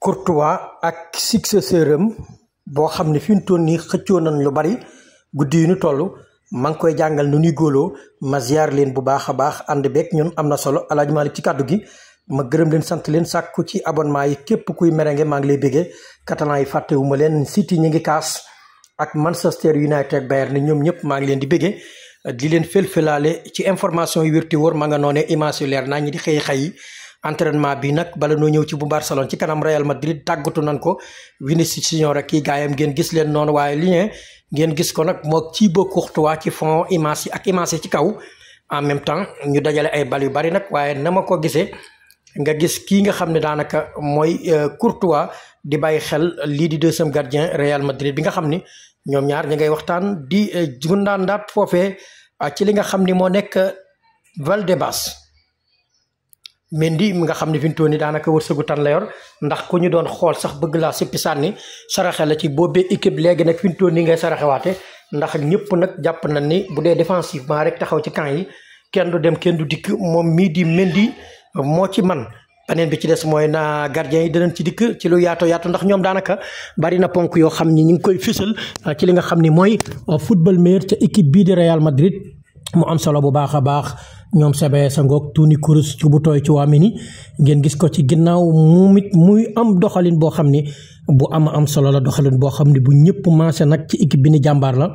Courtois ak successeur am boo xam ne fi mu toon nii xëccoo nañ lu bari guddi yu ñu toll maa ngi koy jàngal nu ñuy góoloo ma ziar leen bu baax a baax ànd beeg ñun am na solo El Hadj ci kàddu gi ma gërëm leen sant leen sàkku ci abonnement yi képp kuy merengue maa ngi lay béggee catalan yi fàttewu ma leen City ñi ngi kaas ak Manchester United Bayern ni ñoom ñëpp maa ngi leen di béggee di leen fël-fëlaale ci information yu wérti wóor ma nga noonee image yu leer naa ñi di xëy xëy entraînement bi nag bala noo ñëw ci bu Barcelone ci kanam Real Madrid tàggatu nan ko Vinicius Junior a kii gaayam ngeen gis leen noonu waaye li ne ngeen gis ko nag moo Thibaut Courtois ci fond image yi ak image ci kaw en même temps ñu dajale ay bal yu bari nag waaye na ma gisee nga gis kii nga xam ne daanaka mooy euh, Courtois di bàyyi xel lii di deuxième gardien Real Madrid bi nga xam ni ñoom ñaar ñi ngay waxtaan di euh, gundaandaat foofe euh, ci li nga xam ni moo nekk Valdebebas Mendy mi nga xam ne fi mu toll nii daanaka wërsëgu tan la yor ndax ku ñu doon xool sax bëgg laa sippi sànni saraxe la ci boobee équipe léegi nag fi mu toll nii ngay saraxewaate ndax ñëpp nag jàpp nañ ni bu dee défensivement rek taxaw ci camp yi kenn du dem kenn du dikk moom mii di Mendy moo ci man beneen bi ci des mooy naa gardien yi dinañ ci dikk ci lu yaato yaatu ndax ñoom daanaka bari na ponk yoo xam ni ñu ngi koy fësal ci li nga xam ni mooy football meilleur ca équipe bii di Real Madrid mu am solo bu baax a baax ñoom sebe sa ngoog tuuni kurus ci bu tooy ci waa ni ngeen gis ko ci ginnaaw mu mit muy am doxalin boo xam ni bu am am solo la doxalin boo xam ni bu ñëpp maase nag ci équipe bi ni jàmbaar la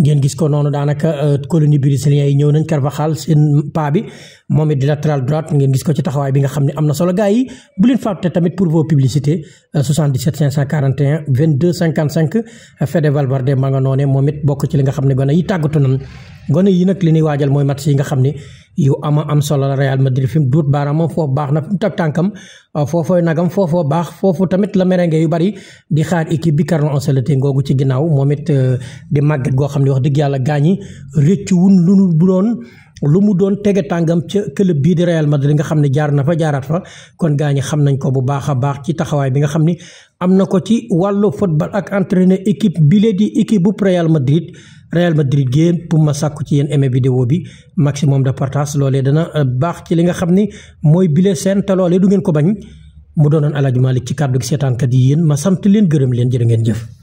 ngeen gis ko noonu daanaka euh, colonie brésilien yi ñëw nañ Carvajal seen paa bi moom it di latéral droite ngeen gis ko ci taxawaay bi nga xam ne am na solo gars yi bu leen fàtte tamit pour vos publicités 77 541 22 55 Fede Valverde ma nga noonee moom it bokk ci li nga xam ne gone yi tàggatu nañ gone yi nag li ñuy waajal mooy match yi nga xam ne yu ama am solo la Real Madrid fi mu duut baaraamam foofu baax na fi mu teg tànkam euh, foofooy nagam foofoo baax foofu tamit la merengue yu bari di xaar équipe bi Carlo Ancelotti ngoogu ci ginnaaw moom it euh, di màgget goo xam ne wax dëgg yàlla gaañi rëccu wun lu nu bu lu mu doon tege tàngam ca club bii di Real Madrid nga xam ne jaar na fa jaaraat fa kon gaa ñi xam nañ ko bu baax a baax ci taxawaay bi nga xam ni am na ko ci wàllu football ak entraîneur équipe bile di équipe bu Real Madrid Real Madrid géen pour ma sàkku ci yéen me vidéo bi maximum de partage loolee dana euh, baax ci li nga xam ni mooy bile seen te loolee du ngeen ko bañ mu doonoon Aladji Malick ci kàddu gi seetaankat yi yéen ma sant leen gërëm leen jërë ngeen jëf.